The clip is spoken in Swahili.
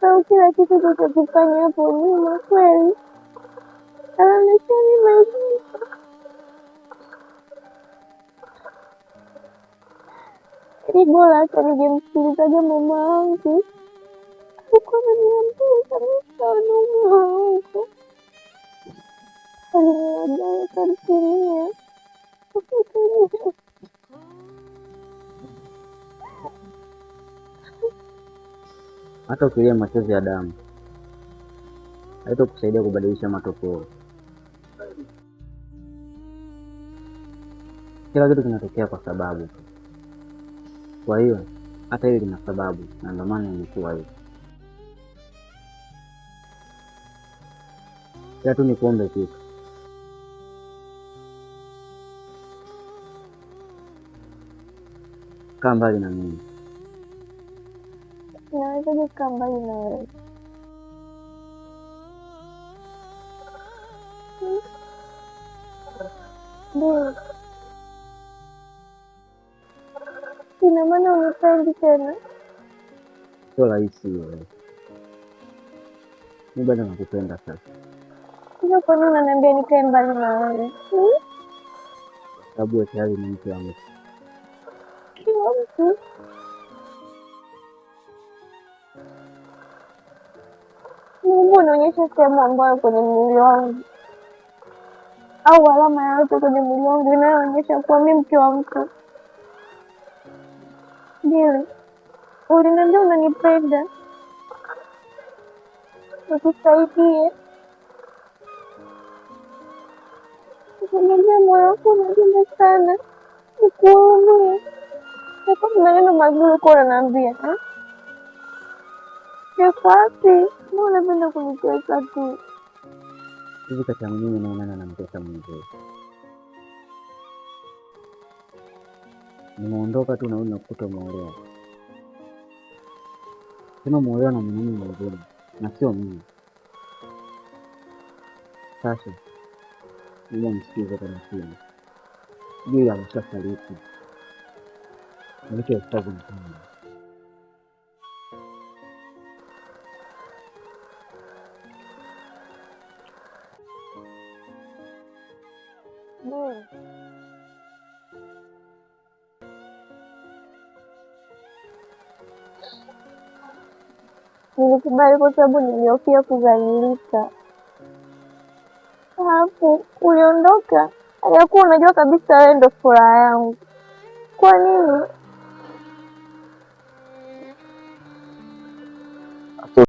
Kau kira kita juga bukannya por Mas no puede. ¿A dónde lagi. Ini gue lakukan game sendiri saja mau sih. Aku akan diambil sama sana. Hata ukilia machozi ya damu haitakusaidia kubadilisha matokeo. Kila kitu kinatokea kwa sababu. Kwa hiyo hata hili lina sababu, na ndio maana imekuwa hivi. Kila tu kuombe kitu, kaa mbali na mimi. Naweza kukaa mbali na wewe. Ndio. Ina maana unipendi tena? Sio rahisi wewe. Mi bado nakupenda sasa. Sio, kwani unaniambia nikae mbali na wewe? Hmm? Kwa sababu tayari ni mke wa mtu. Kila mtu Mungu unaonyesha sehemu ambayo kwenye mwili wangu au alama yoyote kwenye mwili wangu inayoonyesha kuwa mi mke wa mtu. Jili, uliniambia unanipenda, utusaidie. Ukaniambia moyo wako unapenda sana, nikuumie. Aka maneno mazuri kuwa unaniambia Niko wapi? Mbona unapenda kunitesa tu? Hivi kati yangu mimi naonana na mtesa mzee, nimeondoka tu nauli nakukuta umeolewa. Sema umeolewa na mwanaume mwingine na sio mimi. Sasa ila msikize kwa makini juu ya msasa liki alichostavu mtuma 뭐 nilikubali kwa sababu nilihofia kudhalilika. Halafu uliondoka, hayakuwa unajua kabisa wewe ndo furaha yangu. Kwa nini